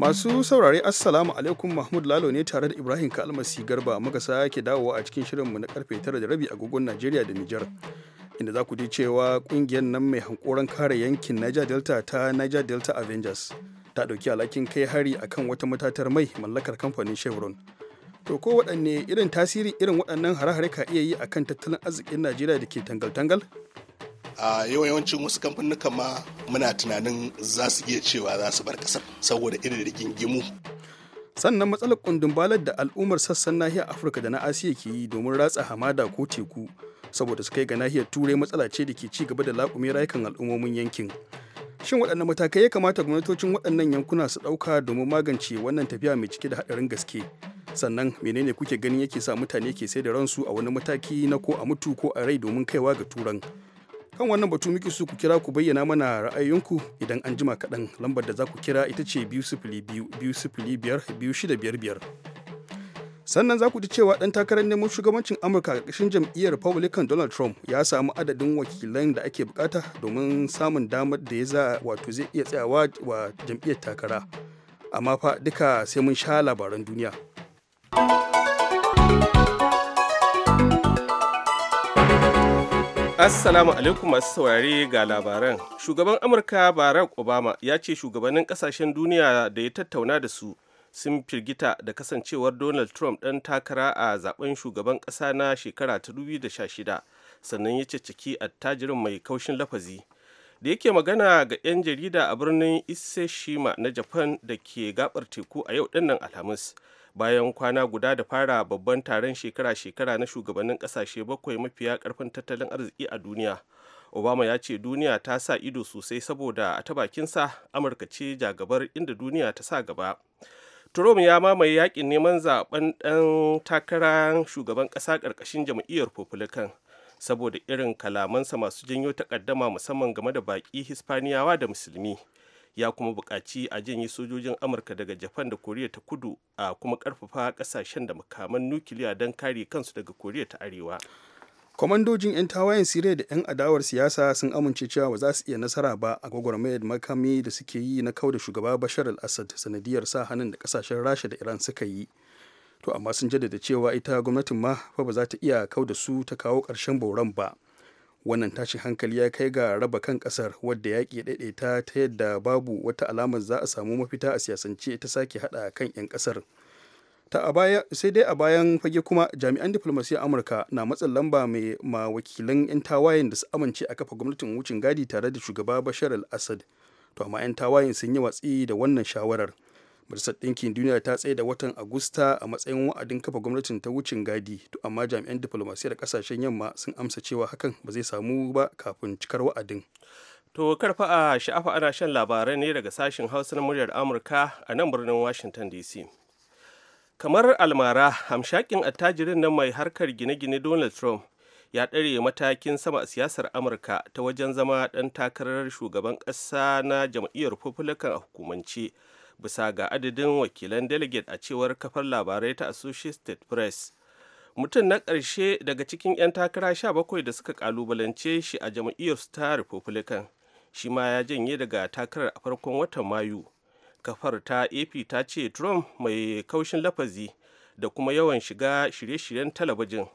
Masu saurare Assalamu alaikum Mahmud Lalo ne tare da Ibrahim Kalmasi Garba muka sake dawowa a cikin shirinmu na karfe tara da rabi agogon Najeriya da Nijar. Inda za ku ji cewa kungiyar nan mai hankoron kare yankin Niger Delta ta Niger Delta Avengers ta ɗauki alhakin kai hari akan wata matatar mai mallakar kamfanin Chevron. To ko waɗanne irin tasiri irin waɗannan hare-hare ka iya yi akan tattalin arzikin Najeriya da ke tangal-tangal? a yawancin wasu kamfanuka ma muna tunanin za su iya cewa za su bar kasar saboda irin rigingimu sannan matsalar kundumbalar da al'ummar sassan nahiyar afirka da na asiya ke yi domin ratsa hamada ko teku saboda su kai ga nahiyar turai matsala ce da ke ci gaba da laƙume rayukan al'ummomin yankin shin waɗanne matakai ya kamata gwamnatocin waɗannan yankuna su ɗauka domin magance wannan tafiya mai cike da haɗarin gaske sannan menene kuke ganin yake sa mutane ke sai da ransu a wani mataki na ko a mutu ko a rai domin kaiwa ga turan kan wannan batu muke su ku kira ku bayyana mana ra'ayoyinku idan an jima kaɗan lambar da za ku kira ita ce biyu sifili biyu biyu sifili biyar biyu shida biyar biyar sannan za ku ji cewa ɗan takarar neman shugabancin amurka a ƙarshen jam'iyyar republican donald trump ya samu adadin wakilan da ake bukata domin samun damar da ya za wato zai iya tsayawa wa jam'iyyar takara amma fa duka sai mun sha labaran duniya Assalamu alaikum masu saurare ga labaran. Shugaban Amurka Barack Obama ya ce shugabannin kasashen duniya da ya tattauna da su sun firgita da kasancewar Donald Trump ɗan takara a zaben shugaban ƙasa na shekara ta 2016 sannan ya ciki attajirin mai kaushin lafazi. Da yake magana ga 'yan jarida a birnin Iseshima na Japan da ke gabar teku a yau dinnan Alhamis. bayan kwana guda da fara babban taron shekara-shekara na shugabannin kasashe bakwai mafiya karfin tattalin arziki a duniya obama ya ce duniya ta sa ido sosai saboda a ta bakinsa amurka ce jagabar inda duniya ta sa gaba trump ya mamaye yakin neman zaben dan takarar shugaban kasa karkashin jam'iyyar republican saboda irin kalamansa masu janyo takaddama musamman game da baki hispaniyawa da musulmi ya kuma buƙaci a janye sojojin amurka daga japan da koriya ta kudu a kuma ƙarfafa ƙasashen da makaman nukiliya don kare kansu daga koriya ta arewa kwamandojin 'yan tawayen siriya da 'yan adawar siyasa sun amince cewa ba za su iya nasara ba a gwagwarmayar makami da suke yi na kau da shugaba bashar al-assad sanadiyar sa hannun da kasashen rasha da iran suka yi to amma sun jaddada cewa ita gwamnatin ma fa ba za ta iya kau da su ta kawo ƙarshen boran ba wannan tashin hankali ya kai ga raba kan kasar wadda yaƙi ya daidaita ta yadda babu wata alamar za a samu mafita a siyasance ta sake haɗa kan 'yan kasar ta sai dai a bayan fage kuma jami'an diplomasiya amurka na matsin lamba mai ma wakilan 'yan tawayen da su amince a kafa gwamnatin wucin gadi tare da shugaba bashar al-assad to amma 'yan tawayen sun yi watsi da wannan shawarar Majalisar Ɗinkin Duniya ta tsaye da watan Agusta a matsayin wa'adin kafa gwamnatin ta wucin gadi, to amma jami'an diflomasiyyar ƙasashen yamma sun amsa cewa hakan ba zai samu ba kafin cikar wa'adin. To karfa a sha'afa ana shan labarai ne daga sashen Hausa na muryar Amurka a nan birnin Washington DC. Kamar almara, hamshakin attajirin nan mai harkar gine-gine Donald Trump ya ɗare matakin sama a siyasar Amurka ta wajen zama ɗan takarar shugaban ƙasa na jam'iyyar Republican a hukumance. bisa ga adadin wakilan delegate a cewar kafar labarai ta associated press mutum na ƙarshe daga cikin 'yan takara sha bakwai da suka kalubalance shi a jam'iyyar ta republican shi ma ya janye daga takarar a farkon watan mayu kafar ta ap ta ce trump mai kaushin lafazi da kuma yawan shiga shirye-shiryen talabijin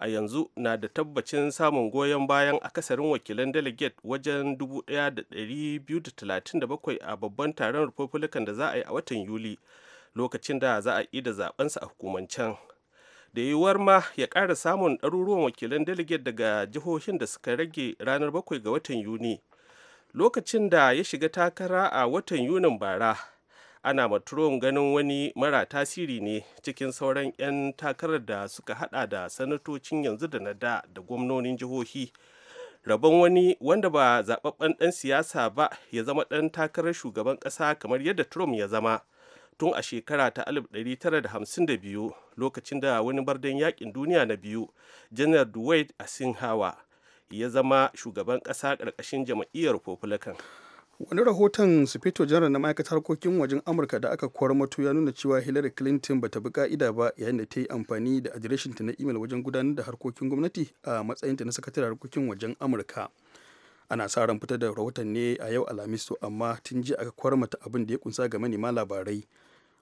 a yanzu na da tabbacin samun goyon bayan akasarin wakilan delegate wajen 1,237 a babban taron republican da za a yi a watan yuli lokacin da za a ida zabensa a hukumancen da yiwuwar ma ya ƙara samun ɗaruruwan wakilan delegate daga jihohin da suka rage ranar bakwai ga watan yuni lokacin da ya shiga takara a watan yunin bara ana matron ganin wani mara tasiri ne cikin sauran 'yan takarar da suka hada da sanatocin yanzu da na da da gwamnonin jihohi rabon wani wanda ba zababben dan siyasa ba ya zama dan takarar shugaban kasa kamar yadda trump ya zama tun a shekara ta 1952 lokacin da wani bardan yakin duniya na biyu janar dwight asinhawa ya zama shugaban kasa karkashin jam'iyyar republican wani rahoton sufeto janar na ma'aikatar harkokin wajen amurka da aka kwar mato ya nuna cewa hillary clinton ba ta bi ka'ida ba yayin da ta yi amfani da adireshinta na imel wajen gudanar da harkokin gwamnati a matsayinta na sakataren harkokin wajen amurka ana sa ran fitar da rahoton ne a yau alhamis to amma tun ji aka kwar mata abin da ya kunsa ga manema labarai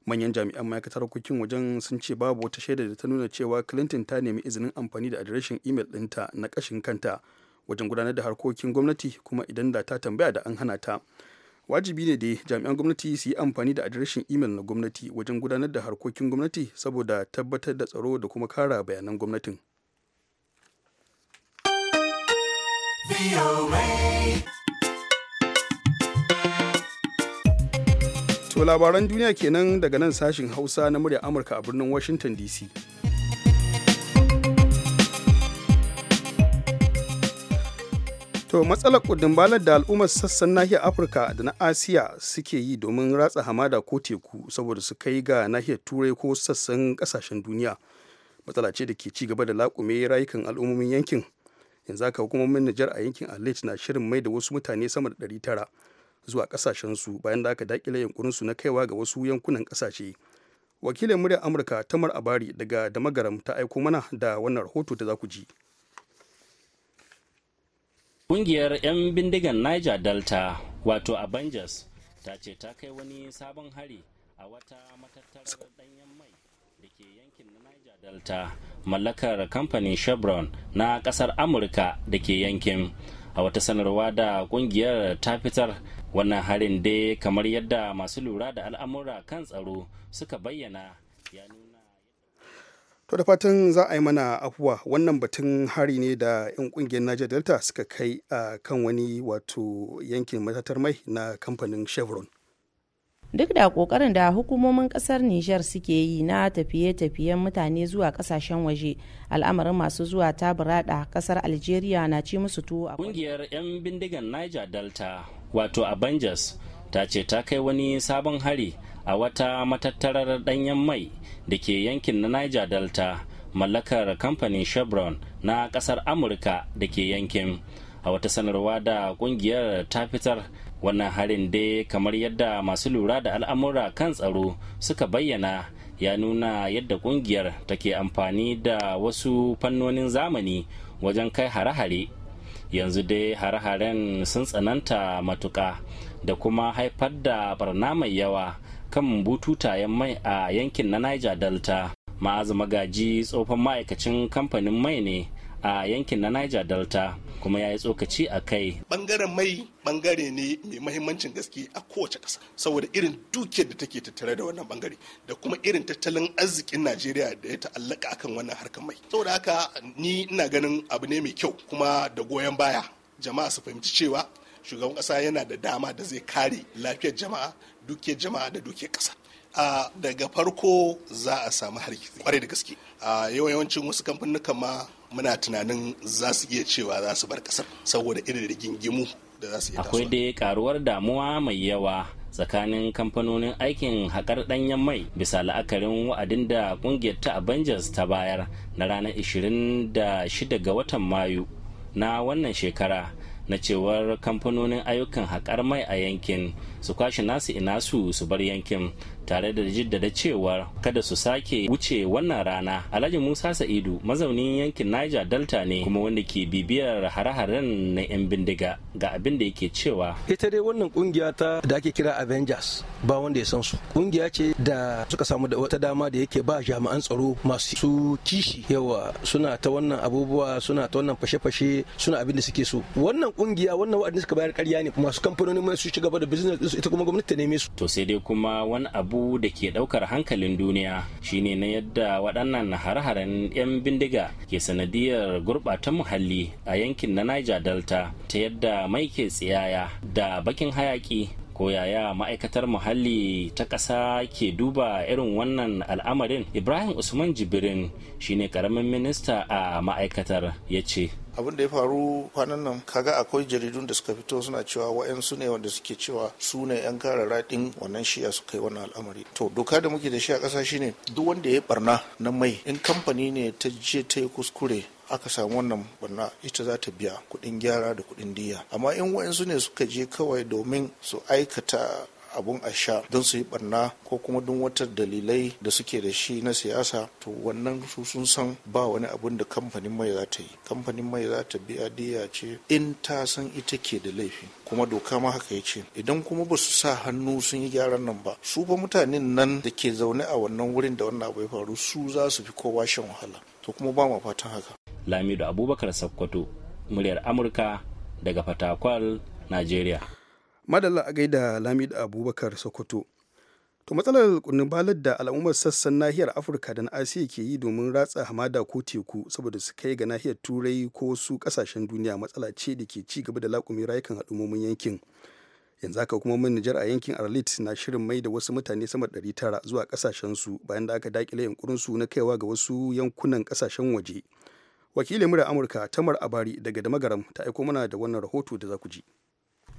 manyan jami'an ma'aikatar harkokin wajen sun ce babu wata shaida da ta nuna cewa clinton ta nemi izinin amfani da adireshin imel ɗinta na kashin kanta wajen gudanar da harkokin gwamnati kuma idan da ta tambaya da an hana ta wajibi ne da jami'an gwamnati su yi amfani da adireshin imel na gwamnati wajen gudanar da harkokin gwamnati saboda tabbatar da tsaro da kuma kara bayanan gwamnatin To labaran duniya kenan daga nan sashin hausa na murya amurka a birnin washington dc To matsalar kudin balar da al'ummar sassan nahiyar Afirka da na Asiya suke yi domin ratsa hamada ko teku saboda su kai ga nahiyar Turai ko sassan kasashen duniya. Matsala ce da ke ci gaba da laƙume rayukan al'ummomin yankin. Yanzu haka hukumomin Nijar a yankin Alet na shirin mai da wasu mutane sama da 900 zuwa su bayan da aka dakile su na kaiwa ga wasu yankunan kasashe. Wakilin muryar Amurka Tamar Abari daga Damagaram ta aiko mana da wannan rahoto da za ku ji. kungiyar 'yan bindigan Niger Delta wato Avengers ta ce ta kai wani sabon hari a wata matattarar danyen mai da ke yankin Niger Delta mallakar kamfanin Chevron na kasar Amurka da ke yankin. A wata sanarwa da kungiyar ta fitar wannan harin dai kamar yadda masu lura da al'amura kan tsaro suka bayyana ya nuna to da fatan za a yi mana afuwa wannan batun hari ne da 'yan kungiyar niger delta suka kai a kan wani wato yankin matatar mai na kamfanin chevron duk da kokarin da hukumomin kasar niger suke yi na tafiye-tafiyen mutane zuwa kasashen waje al'amarin masu zuwa ta burada kasar Algeria na ci musu tuwo a kungiyar 'yan bindigan Niger Delta wato Avengers ta ce ta kai wani sabon hari a wata matattarar ɗanyen mai da ke yankin na niger delta mallakar kamfanin chevron na ƙasar amurka da ke yankin a wata sanarwa da kungiyar ta fitar wannan harin dai kamar yadda masu lura da al'amura kan tsaro suka bayyana ya nuna yadda kungiyar take amfani da wasu fannonin zamani wajen kai hare-hare yanzu dai hare-haren sun tsananta matuka da kuma haifar da barna mai yawa kan bututayen mai a yankin na niger delta ma'azu magaji tsofan ma'aikacin kamfanin mai ne a yankin na niger delta kuma ya yi tsokaci a kai bangaren mai bangare ne mai mahimmancin gaske a kowace ƙasa saboda irin dukiyar da take tattare da wannan bangare da kuma irin tattalin arzikin najeriya da ya ta'allaka akan wannan harkar mai saboda haka ni ina ganin abu ne mai kyau kuma da goyon baya jama'a su fahimci cewa shugaban kasa yana da dama da zai kare lafiyar jama'a duke jama'a da duke kasa a daga farko za a samu hargitsi kwarai da gaske a yawan yawancin wasu kamfanin ma muna tunanin za su iya cewa za su bar kasar saboda irin rigingimu da za su iya akwai dai karuwar damuwa mai yawa tsakanin kamfanonin aikin haƙar ɗanyen mai bisa la'akarin wa'adin da ƙungiyar ta avengers ta bayar na ranar 26 ga watan mayu na wannan shekara na cewar kamfanonin ayyukan haƙar mai a yankin su kwashe nasu ina su su bar yankin tare da jiddada cewar kada su sake wuce wannan rana alhaji musa sa'idu mazaunin yankin niger delta ne kuma wanda ke bibiyar hare-haren na 'yan bindiga ga abin da yake cewa ita dai wannan kungiya ta da ake kira avengers ba wanda ya san su kungiya ce da suka samu da wata dama da yake ba jami'an tsaro masu su kishi yawa suna ta wannan abubuwa suna ta wannan fashe-fashe suna abin da suke so wannan kungiya wannan wa'adin suka bayar karya ne masu kamfanonin mai su ci gaba da business ita kuma gwamnati ta neme su to sai dai kuma wani abu abu da ke daukar hankalin duniya shine na yadda waɗannan har-haren 'yan bindiga ke sanadiyar gurɓatan muhalli a yankin na niger delta ta yadda mai ke tsiyaya da bakin hayaki ko yaya ma'aikatar muhalli ta ƙasa ke duba irin wannan al'amarin ibrahim usman jibirin shine karamin minista a ma'aikatar ya ce abin da ya faru kwanan nan kaga akwai jaridun da suka fito suna cewa su ne wanda suke cewa su ne yan kare raɗin wannan shiya su kai wannan al'amari to doka da muke da shi a ƙasa shine duk wanda ya yi barna na mai in kamfani ne ta je ta yi kuskure aka samu wannan barna ita za ta biya kuɗin gyara da kuɗin diya amma in wa'insu ne suka je kawai domin su aikata abun a sha don su yi barna ko kuma don wata dalilai da suke da shi na siyasa to wannan su sun san ba wani abun da kamfanin mai za ta yi kamfanin mai za ta biya diya ce in ta san ita ke da laifi kuma doka ma haka ya ce idan kuma ba su sa hannu sun yi gyaran nan ba su ba mutanen nan da ke zaune a wannan wurin da wannan abu ya faru su za su fi kowa shan wahala to kuma ba ma fatan haka lamido abubakar sakkwato muryar amurka daga fatakwal najeriya. madalla a gaida lamido abubakar sokoto to matsalar kunnin balar da al'ummar sassan nahiyar afirka da na asiya ke yi domin ratsa hamada ko teku saboda su kai ga nahiyar turai ko wasu kasashen duniya matsala ce da ke ci gaba da laƙumi rayukan al'ummomin yankin yanzu haka kuma mun nijar a yankin arlit na shirin mai da wasu mutane sama da 900 zuwa kasashen su bayan da aka dakile yankurin su na kaiwa ga wasu yankunan kasashen waje wakilin murar amurka tamar abari daga damagaram ta aiko mana da wannan rahoto da za ku ji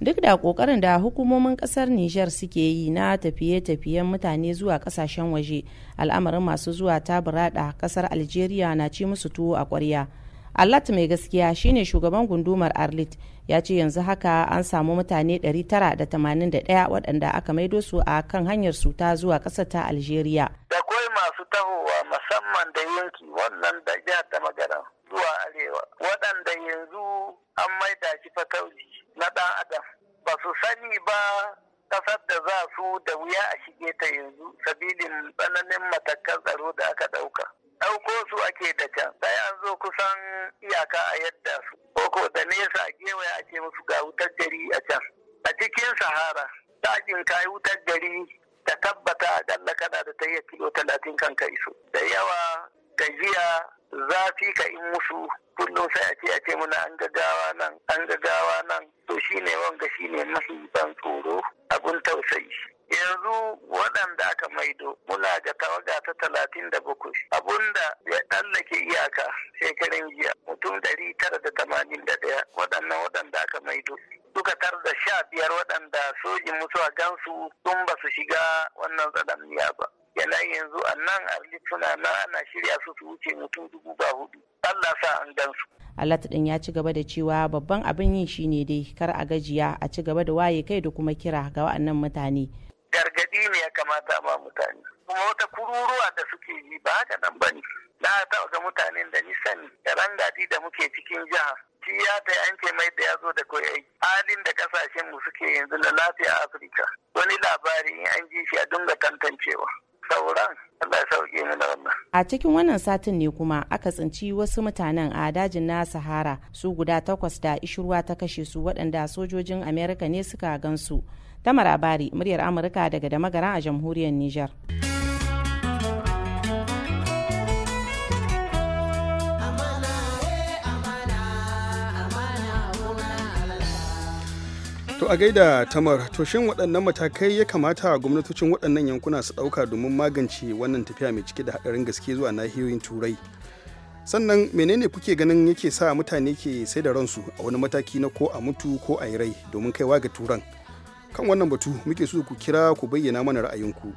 duk da kokarin da hukumomin kasar Nijar suke yi na tafiye-tafiyen mutane zuwa kasashen waje al'amarin masu zuwa ta burada kasar Algeria na ci musu tuwo a kwarya Allat mai gaskiya shine shugaban gundumar Arlit ya ce yanzu haka an samu mutane 981 waɗanda aka maido su a kan hanyar su ta zuwa ƙasar ta Algeria. Da masu tahowa musamman da yanki wannan da jihar da magana. zuwa arewa waɗanda yanzu an maida shi fatauci na ɗan adam ba su sani ba ƙasar da za su da wuya a shige ta yanzu sabilin tsananin matakan tsaro da aka ɗauka ɗauko su ake da can sai an zo kusan iyaka a yadda su koko da nesa a gewaya ake musu ga wutar gari a can a cikin sahara ɗakin kayi wutar gari ta tabbata a kana da ta iya kilo talatin kan ka iso da yawa gajiya zafi ka in musu kullum sai a ce a ce muna an gaggawa nan an gaggawa nan to shine wanga shine mafi ban tsoro abun tausayi yanzu waɗanda aka maido muna ga tawaga ta talatin da bakwai abunda ya tsallake iyaka shekarun jiya mutum ɗari tara da tamanin da ɗaya waɗannan waɗanda aka maido suka tar da sha biyar waɗanda sojin musu gansu sun ba su shiga wannan tsananniya ba yana yanzu a nan arlituna na ana shirya su su wuce mutum dubu ba hudu allah sa an gansu alat din ya ci gaba da cewa babban abin yin shine dai kar a gajiya a ci gaba da waye kai da kuma kira ga wa'annan mutane gargadi ne ya kamata ma mutane kuma wata kururuwa da suke yi ba haka nan ba ne na taɓa ga mutanen da ni sani da rangadi da muke cikin jiha shi ya ta an ce mai da ya zo da koyi halin da kasashen mu suke yanzu na lafiya afirka wani labari in an ji shi a dinga tantancewa A cikin wannan satin ne kuma aka tsinci wasu mutanen a dajin na Sahara su guda takwas da ishirwa ta kashe su waɗanda sojojin Amerika ne suka gansu. Tamar Abari, muryar Amurka daga da magaran a jamhuriyar Nijar. To a gaida tamar to waɗannan matakai ya kamata gwamnatocin waɗannan yankuna su ɗauka domin magance wannan tafiya mai cike da haɗarin gaske zuwa nahiyoyin turai. Sannan menene kuke ganin yake sa mutane ke sai da ransu a wani mataki na ko a mutu ko a yi rai domin kaiwa ga turan. Kan wannan batu muke so ku kira ku bayyana mana ra'ayinku.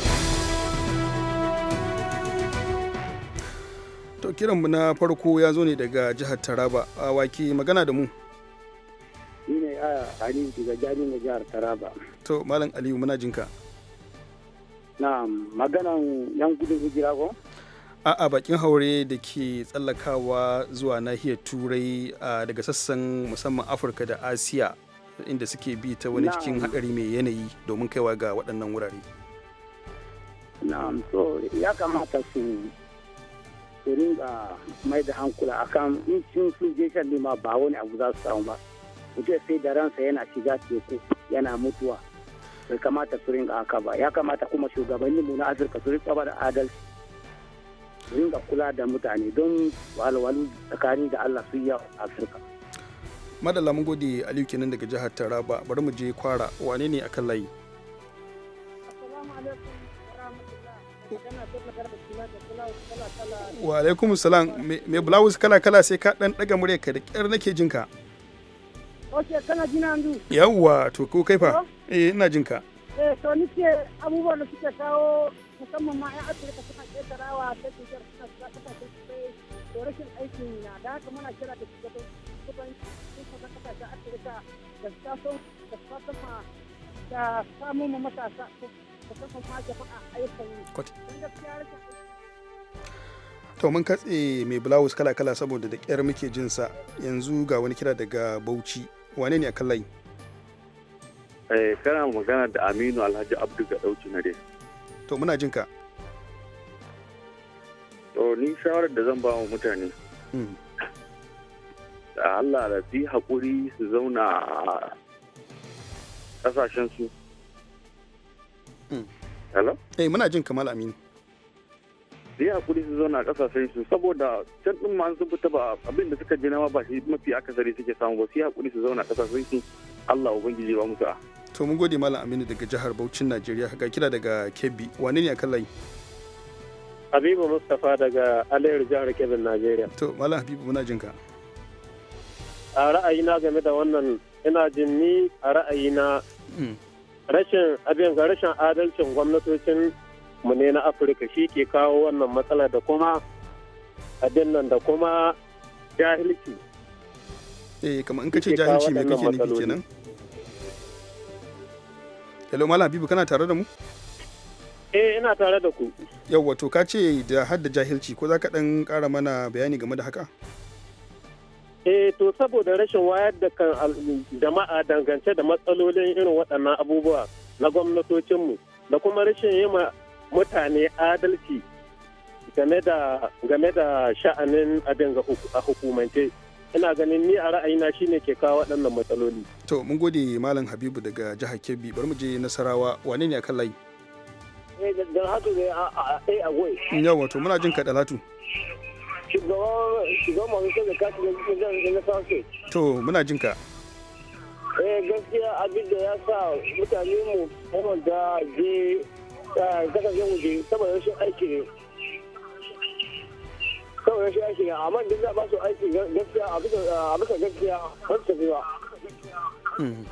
To kiranmu na farko ya zo ne daga jihar Taraba. A wake magana da mu. Ni ne a Aliyu daga jami'in jihar Taraba. To Malam Aliyu muna jinka. Na maganan yan gudun hijira ko? a bakin haure da ke tsallakawa zuwa nahiyar turai daga sassan musamman afirka da asiya inda suke bi ta wani cikin haɗari mai yanayi domin kaiwa ga waɗannan wurare na'am so ya kamata su su ringa mai da hankula akan in sun je shan lima ba wani abu za su samu ba mutum sai da ransa yana shiga teku yana mutuwa bai kamata su ringa haka ba ya kamata kuma shugabanni mu na afirka su riƙa ba da adalci su ringa kula da mutane don walwalu tsakani da allah su yi afirka madalla mun gode aliyu kenan daga jihar taraba bari mu je kwara wane ne akan layi wa alaikum salam me blouse kala kala sai ka dan daga murya ka da kyar nake jinka ka kana jina to ko kai fa eh ina jinka. eh to ni abubuwan da suke kawo musamman ma yan afirka suna ketarawa ta cutar suna to rashin aikin na da haka muna kira da shugaban shugaban kasashen afirka da da ma da samun matasa ma jama'a yi. to mun katse mai blouse kala-kala saboda da ƙyar muke jinsa yanzu ga wani kira daga bauchi wane ne a kan layi eh, kana magana da aminu alhaji abdu ga na dai to muna jin ka to ni shawarar da zan ba wa mutane hmm. da allah da fi haƙuri su zauna a ƙasashensu hmm. hello eh muna jin kamar aminu da ya hakuri su zauna a kasashen su saboda can din ma sun fita ba abin da suka jina ba shi mafi akasari suke samu ba su ya kuɗi su zauna a kasashen su Allah ubangiji ba musu a to mun gode malam Aminu daga jihar Bauchin Najeriya ga kira daga Kebbi wani ne akan layi Habibu Mustapha daga Alayar jihar Kebbi Najeriya to malam Habibu muna jinka a ra'ayina game da wannan ina jin ni a ra'ayina hmm. rashin abin ga rashin adalcin gwamnatocin mu ne na afirka shi ke kawo wannan matsala da kuma abin nan da kuma jahilci eh kamar in ka ce jahilci me kake nufi kenan hello malam habibu kana tare da mu eh ina tare da ku yawwa to ka ce da hadda jahilci ko za ka dan kara mana bayani game da haka eh to saboda rashin wayar da kan jama'a dangance da matsalolin irin waɗannan abubuwa na gwamnatocinmu da kuma rashin yi ma mutane adalci game da game da sha'anin abin a hukumance ina ganin ni a ra'ayina shine ke kawo waɗannan matsaloli to mun gode malam habibu daga jihar kebbi bari mu je nasarawa wane ne akan layi eh, dalhatu ne a yawa to muna jin ka dalhatu shugaban da kashi na to muna jin ka eh gaskiya abin da ya sa mutane mu kuma da je kasashen waje saboda rashin aiki ne saboda rashin aiki za ba su aiki gaskiya a bisa gaskiya ba su tafi hmm.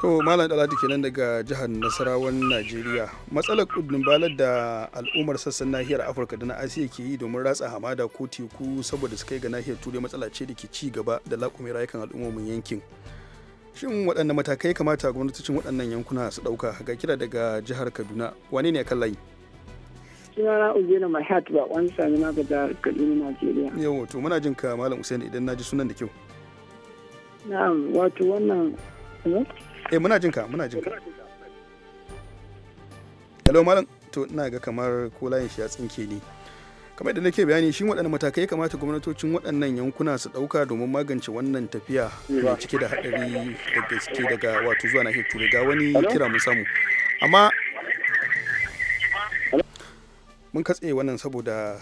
to malam daladi kenan daga jihar nasarawan najeriya matsalar kudin balar da al'ummar sassan nahiyar afirka da na asiya ke yi domin ratsa hamada ko teku saboda su kai ga nahiyar turai matsala ce da ke ci gaba da laƙumin rayukan al'ummomin yankin shin waɗanne matakai kamata gwamnatocin waɗannan yankuna su ɗauka ga kira daga jihar kaduna wane ne kan layi sunana uzena mahat ba wani sami na ga kaduna najeriya yawo to muna jin ka malam usain idan na ji sunan da kyau na'am wato wannan eh? eh muna jin ka muna jin ka hello malam to ina ga kamar ko layin shi ya tsinke ne kamar da nake bayani shin waɗanne matakai kamata gwamnatocin waɗannan yankuna su ɗauka domin magance wannan tafiya mai cike da haɗari da gaske daga wato zuwa nahiyar turai ga wani kira mu samu amma mun katse wannan saboda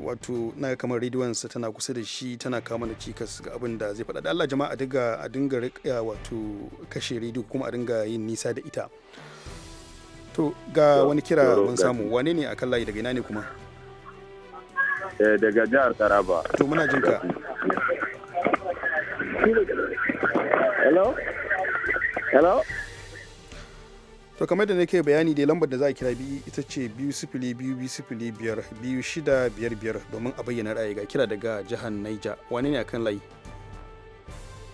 wato na kamar sa tana kusa da shi tana kama da cikas ga abin da zai faɗa da Allah jama'a a a dinga riƙa wato kashe rediyo kuma a dinga yin nisa da ita to ga wani kira mun samu wane ne akan layi daga ina ne kuma Eh, daga jihar Taraba. To muna jin ka. Hello? Hello? To kamar da nake bayani da lambar da za a kira bi ita ce biyu sifili biyu biyu sifili biyar biyu shida biyar biyar domin a bayyana ra'ayi ga kira daga jihar niger wani ne akan layi?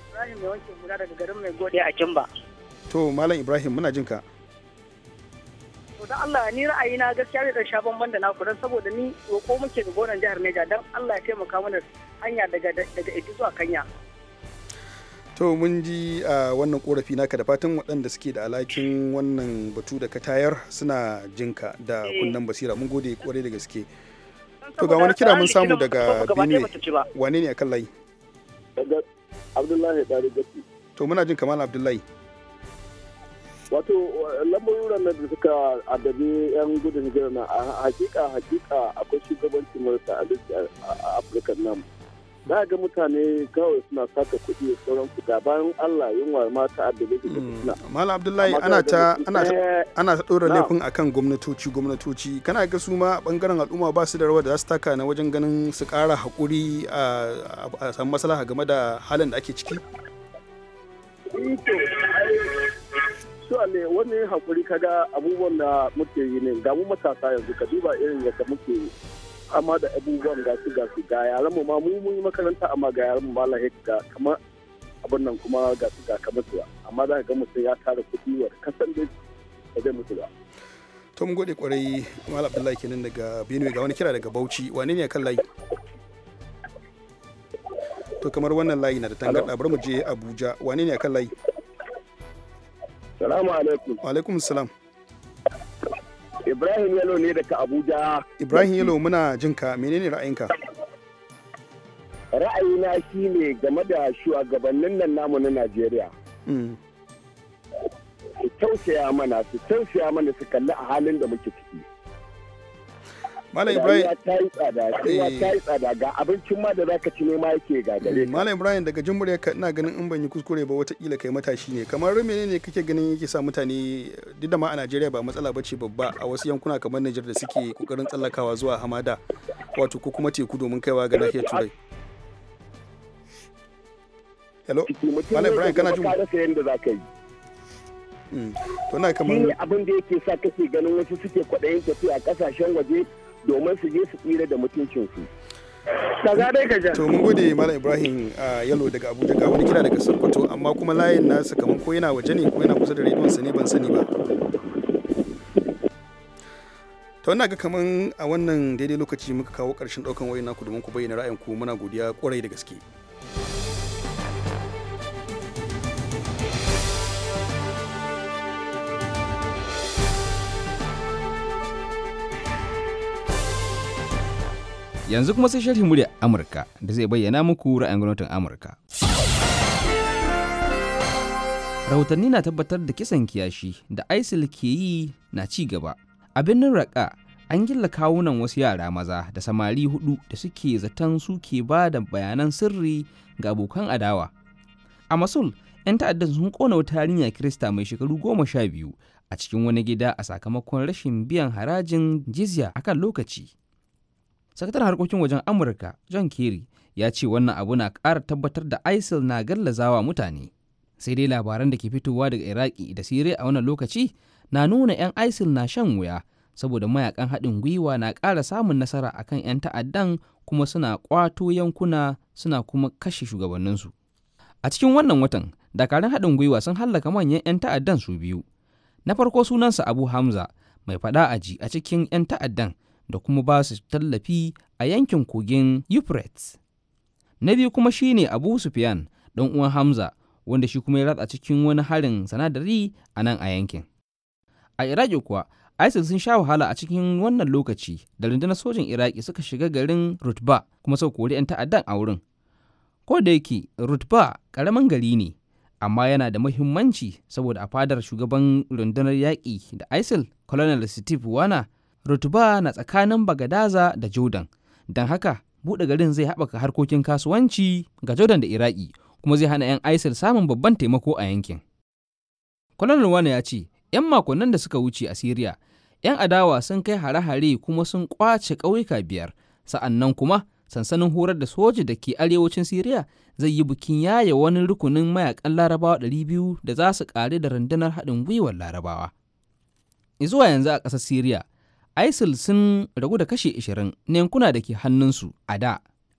Ibrahim mai wanke daga garin mai gode a Kimba. To Malam Ibrahim muna jin ka. to dan Allah ni ra'ayina gaskiya da sha bamban da naku dan saboda ni roƙo muke da gonan jihar Niger dan Allah ya taimaka mana hanya daga daga Eti zuwa Kanya to mun ji a wannan korafi naka da fatan waɗanda suke da alakin wannan batu da ka tayar suna jinka da eh. kunnan basira mun gode kwarai da gaske to ga wani kira mun samu daga Benue wane ne akan layi Abdullahi Dari Gatti to muna jin kamar Abdullahi wato lamururan da suka adabi yan gudun hijira na hakika hakika akwai shugabancin marasa a afirka nan za ga mutane kawai suna saka kuɗi da sauran su gaban allah yunwa ma ta adabi su da suna hmm. mala abdullahi ana ta ana ta ɗora laifin akan gwamnatoci gwamnatoci kana ga su ma bangaren al'umma ba su da rawar da za su taka na wajen ganin su ƙara haƙuri a samu maslaha game da halin da ake ciki. Eh, ne wani hakuri kaga abubuwan da muke yi ne ga mu matasa yanzu ka duba irin yadda muke amma da abubuwan ga su ga su ga yaran mu ma mu mun yi makaranta amma ga yaran mu ba ma ga kamar abin nan kuma ga su ga kamar su amma za ka ga mutum ya tara kuɗi wa kasan da ba zai mutu ba to mun gode kwarai mal abdullahi kenan daga benue ga wani kira daga bauchi wane ne kan layi to kamar wannan layi na da tangarda bari mu je abuja wane ne kan layi Salamu alaikum. Wa alaikum salam. Ibrahim Yalo ne daga Abuja. Ibrahim Yalo muna jinka menene ra'ayinka? Ra'ayina shi ne game da shugabannin nan namu na Najeriya. Mm. Su tausaya mana, su tausaya mana su kalli a halin da muke ciki. Malam Ibrahim ta yi tsada ta yi eh. tsada ga abincin ma da zaka ci ne ma yake gagare ka Malam Ibrahim daga jumhuriyar ka ina ganin in ban yi kuskure ba watakila kai matashi ne kamar menene kake ganin yake sa mutane duk da ma a Najeriya ba matsala bace babba a wasu yankuna kamar Niger da suke kokarin tsallakawa zuwa hamada wato ko kuma teku domin kaiwa ga nahiyar Turai Hello Malam Ibrahim kana jin hmm. to na kamar abin da yake sa kake ganin wasu suke kwaɗayin tafiya a kasashen waje domin su je su tsira da mutuncinsu. Kaza dai ka ja. To mun gode Malam Ibrahim a Yalo daga Abuja ga wani kira daga Sokoto amma kuma layin nasa kamar ko yana waje ne ko yana kusa da rediyon sa ne ban sani ba. ta ina ga kaman a wannan daidai lokaci muka kawo ƙarshen daukan wayoyin naku domin ku bayyana ra'ayinku muna godiya kwarai da gaske. Yanzu kuma sai sharhin murya Amurka da zai bayyana muku ra'ayin gwamnatin Amurka. Rahotanni na tabbatar da kisan kiyashi da ISIL ke yi na ci gaba. A birnin Raqqa an gilla kawunan wasu yara maza da samari hudu da suke zaton su ke ba da bayanan sirri ga abokan adawa. A Masul, 'yan ta'addan sun kona wata yarinya Kirista mai shekaru goma sha biyu a cikin wani gida a sakamakon rashin biyan harajin jizya akan lokaci. Sakatar harkokin wajen amurka john kerry ya ce wannan abu na ƙara tabbatar da isil na gallazawa mutane sai dai labaran da ke fitowa daga iraki da siriya a wannan lokaci na nuna 'yan isil na shan wuya saboda mayakan haɗin gwiwa na ƙara samun nasara a kan 'yan ta'addan kuma suna ƙwato yankuna suna kuma kashe shugabanninsu a cikin wannan watan dakarun haɗin gwiwa sun hallaka manyan 'yan ta'addan su biyu na farko sunansa abu hamza mai faɗa aji a cikin 'yan ta'addan da kuma ba su tallafi a yankin kogin Euphrates. Na biyu kuma shine Abu Sufyan, ɗan uwan Hamza, wanda shi kuma ya ratsa cikin wani harin sanadari a nan a yankin. A Iraki kuwa, ISIL sun sha wahala a cikin wannan lokaci da rundunar sojin Iraki suka shiga garin Rutba kuma sau kori 'yan ta'addan a wurin. Ko da yake Rutba ƙaramin gari ne, amma yana da muhimmanci saboda a fadar shugaban rundunar yaƙi da ISIL, Colonel Steve Wana rutuba na tsakanin bagadaza da jordan don haka buɗe garin zai haɓaka harkokin kasuwanci ga jordan da iraki kuma zai hana 'yan isil samun babban taimako a yankin kwanan wani ya ce 'yan makonnan da suka wuce a syria 'yan adawa sun kai hare-hare kuma sun kwace ƙauyuka biyar sa'annan kuma sansanin horar da soja da ke arewacin Siriya zai yi bikin yaya wani rukunin mayakan larabawa 200 da za su kare da rundunar haɗin gwiwar larabawa. Zuwa yanzu a ƙasar Siriya, isil sun ragu da kashi 20 na yankuna da ke hannunsu a da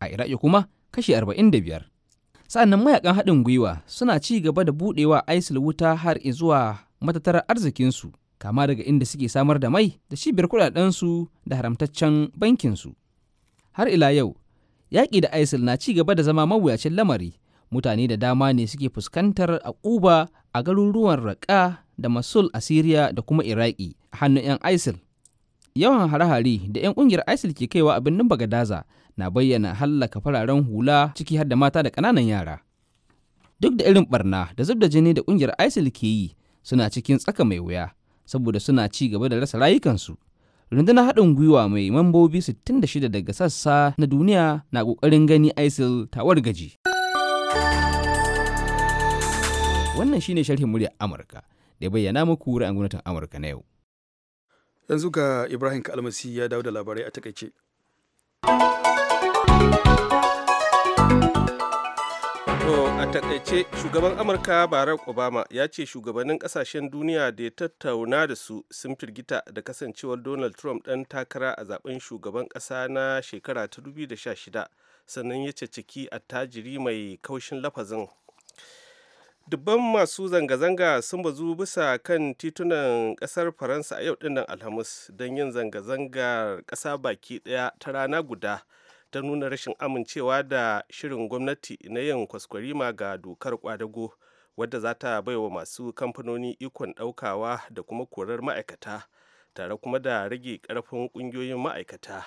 a iraki kuma kashi 45 sa'annan mayakan haɗin gwiwa suna ci gaba da buɗewa isil wuta har zuwa matattarar arzikinsu kama daga inda suke samar da mai da cibiyar kudadensu da haramtaccen bankinsu har ila yau yaƙi da isil na ci gaba da zama mawuyacin lamari mutane da dama ne suke fuskantar a garuruwan raƙa da masul a siriya da kuma iraki hannun 'yan isil Yawan hare-hare da 'yan ƙungiyar ISIL ke kaiwa a birnin Bagadaza na bayyana hallaka fararen hula ciki har da mata da kananan yara. Duk da irin barna da zub da jini da ƙungiyar ISIL ke yi suna cikin tsaka mai wuya saboda suna ci gaba da rasa rayukansu. Rundunar haɗin gwiwa mai mambobi 66 daga sassa na duniya na ƙoƙarin gani ISIL tawar gaji. Wannan shine sharhin muryar Amurka da bayyana muku ra'ayin gwamnatin Amurka na yau. yanzu ga ibrahim kalmasi ya dawo da labarai a takaice a takaice shugaban amurka barack obama ya ce shugabannin kasashen duniya da ya tattauna da su sun firgita da kasancewar donald trump dan takara a zaben shugaban kasa na shekara ta 2016 sannan ya a attajiri mai kaushin lafazin dubban masu zanga-zanga sun bazu bisa kan titunan kasar faransa a yau dinnan alhamis don yin zanga-zangar kasa baki daya ta rana guda ta nuna rashin amincewa da shirin gwamnati na yin kwaskwarima ga dokar kwadago wadda za ta baiwa masu kamfanoni ikon daukawa da kuma korar ma'aikata tare kuma da rage karfin kungiyoyin ma'aikata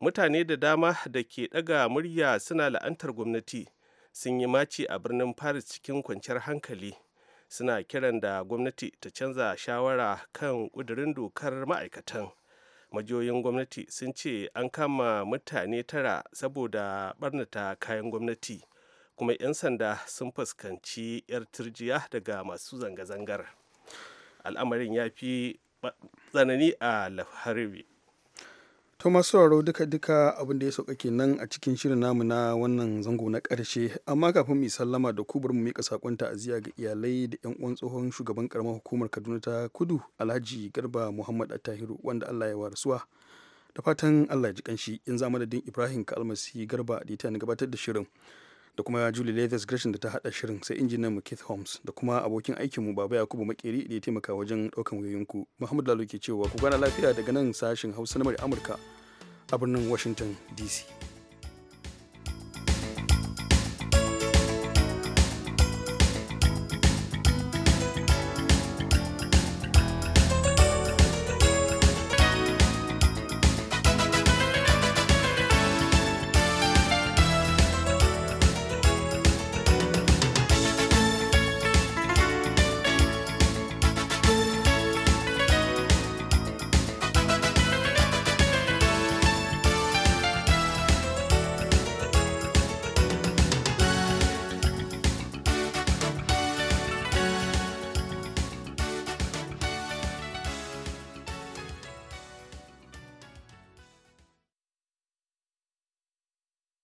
mutane da dama da ke daga murya suna la'antar gwamnati sun yi maci a birnin paris cikin kwanciyar hankali suna kiran da gwamnati ta canza shawara kan ƙudurin dokar ma'aikatan majiyoyin gwamnati sun ce an kama mutane tara saboda barnata kayan gwamnati kuma 'yan sanda sun fuskanci 'yar turjiya daga masu zanga-zangar al'amarin ya fi tsanani a harare To masu sauraro duka-duka abin da ya sauka kenan a cikin shirin namu na wannan zango na ƙarshe, amma kafin mu sallama da kubar mu mika sakon ta'aziyya ga iyalai da 'yan uwan tsohon shugaban karamar hukumar Kaduna ta Kudu Alhaji Garba Muhammad Attahiru wanda Allah ya warsuwa. Da fatan Allah ya ji kanshi in da madadin Ibrahim Kalmasi Garba da ta gabatar da shirin. da kuma Julie Leathers Gresham da ta hada shirin sai injinan mu Keith Holmes da kuma abokin aikin mu Baba Yakubu Makeri da ya taimaka wajen daukan wayoyinku. Muhammad Lalo ke cewa ku gana lafiya daga nan sashen Hausa na Amurka a birnin Washington DC.